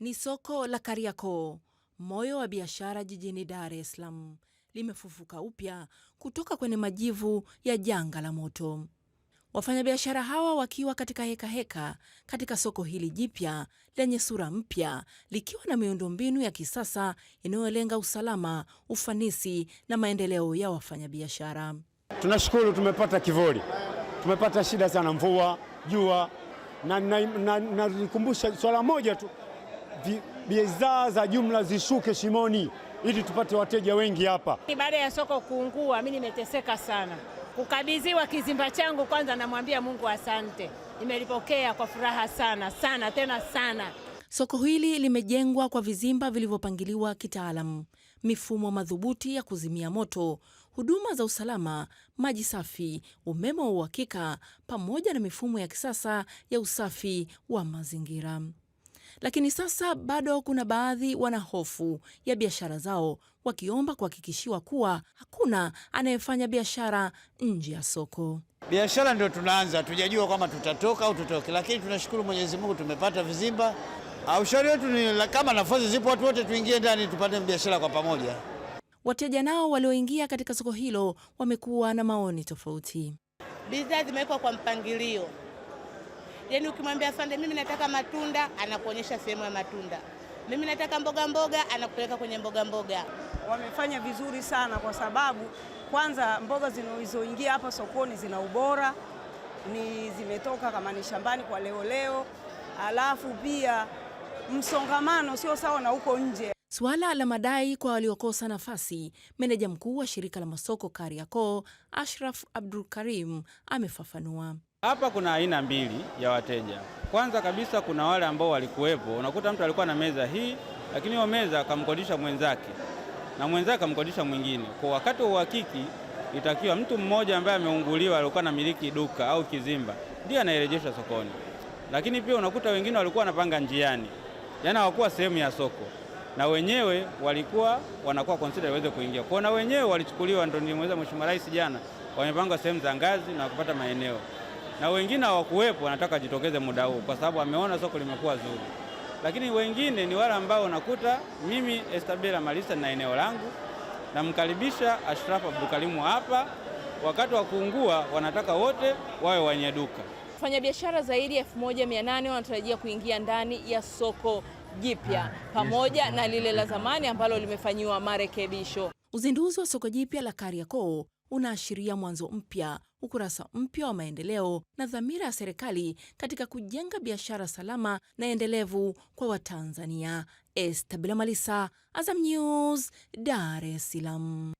Ni soko la Kariakoo, moyo wa biashara jijini Dar es Salaam, limefufuka upya kutoka kwenye majivu ya janga la moto. Wafanyabiashara hawa wakiwa katika hekaheka heka katika soko hili jipya lenye sura mpya likiwa na miundombinu ya kisasa inayolenga usalama, ufanisi na maendeleo ya wafanyabiashara. Tunashukuru tumepata kivuli, tumepata shida sana, mvua, jua na nalikumbusha swala moja tu bidhaa za jumla zishuke shimoni ili tupate wateja wengi hapa. Baada ya soko kuungua, mimi nimeteseka sana. Kukabidhiwa kizimba changu, kwanza namwambia Mungu asante, nimelipokea kwa furaha sana sana tena sana. Soko hili limejengwa kwa vizimba vilivyopangiliwa kitaalamu, mifumo madhubuti ya kuzimia moto, huduma za usalama, maji safi, umeme wa uhakika, pamoja na mifumo ya kisasa ya usafi wa mazingira. Lakini sasa bado kuna baadhi wana hofu ya biashara zao, wakiomba kuhakikishiwa kuwa hakuna anayefanya biashara nje ya soko. Biashara ndio tunaanza, tujajua kama tutatoka au tutoke, lakini tunashukuru Mwenyezi Mungu tumepata vizimba. Ushauri wetu ni kama nafasi zipo, watu wote tuingie ndani, tupate biashara kwa pamoja. Wateja nao walioingia katika soko hilo wamekuwa na maoni tofauti. Bidhaa zimewekwa kwa mpangilio Yaani ukimwambia asante, mimi nataka matunda, anakuonyesha sehemu ya matunda. Mimi nataka mboga mboga, anakupeleka kwenye mboga mboga. Wamefanya vizuri sana kwa sababu kwanza mboga zinazoingia hapa sokoni zina ubora, ni zimetoka kama ni shambani kwa leo leo, alafu pia msongamano sio sawa na huko nje. Suala la madai kwa waliokosa nafasi, meneja mkuu wa shirika la masoko Kariakoo, Ashraf Abdul Karim, amefafanua. Hapa kuna aina mbili ya wateja. Kwanza kabisa, kuna wale ambao walikuwepo, unakuta mtu alikuwa na meza hii, lakini hiyo meza akamkodisha mwenzake na mwenzake akamkodisha mwingine. Kwa wakati wa uhakiki, itakiwa mtu mmoja ambaye ameunguliwa, alikuwa na miliki duka au kizimba, ndiye anayerejesha sokoni. Lakini pia unakuta wengine walikuwa wanapanga njiani, yaani hawakuwa sehemu ya soko na wenyewe walikuwa wanakuwa consider waweze kuingia kwao, na wenyewe walichukuliwa, ndio nilimweleza Mheshimiwa Rais jana, wamepangwa sehemu za ngazi na kupata maeneo, na wengine hawakuwepo, wanataka jitokeze muda huu kwa sababu ameona soko limekuwa zuri, lakini wengine ni wale ambao nakuta mimi Estabela Malisa na eneo langu, namkaribisha Ashraf Abdulkarimu hapa, wakati wa kuungua wanataka wote wawe wenye duka. Wafanyabiashara zaidi ya 1800 wanatarajia kuingia ndani ya soko jipya ah, pamoja na lile la zamani ambalo limefanyiwa marekebisho. Uzinduzi wa soko jipya la Kariakoo unaashiria mwanzo mpya, ukurasa mpya wa maendeleo na dhamira ya serikali katika kujenga biashara salama na endelevu kwa Watanzania. Estabila Malisa, Azam News, Dar es Salaam.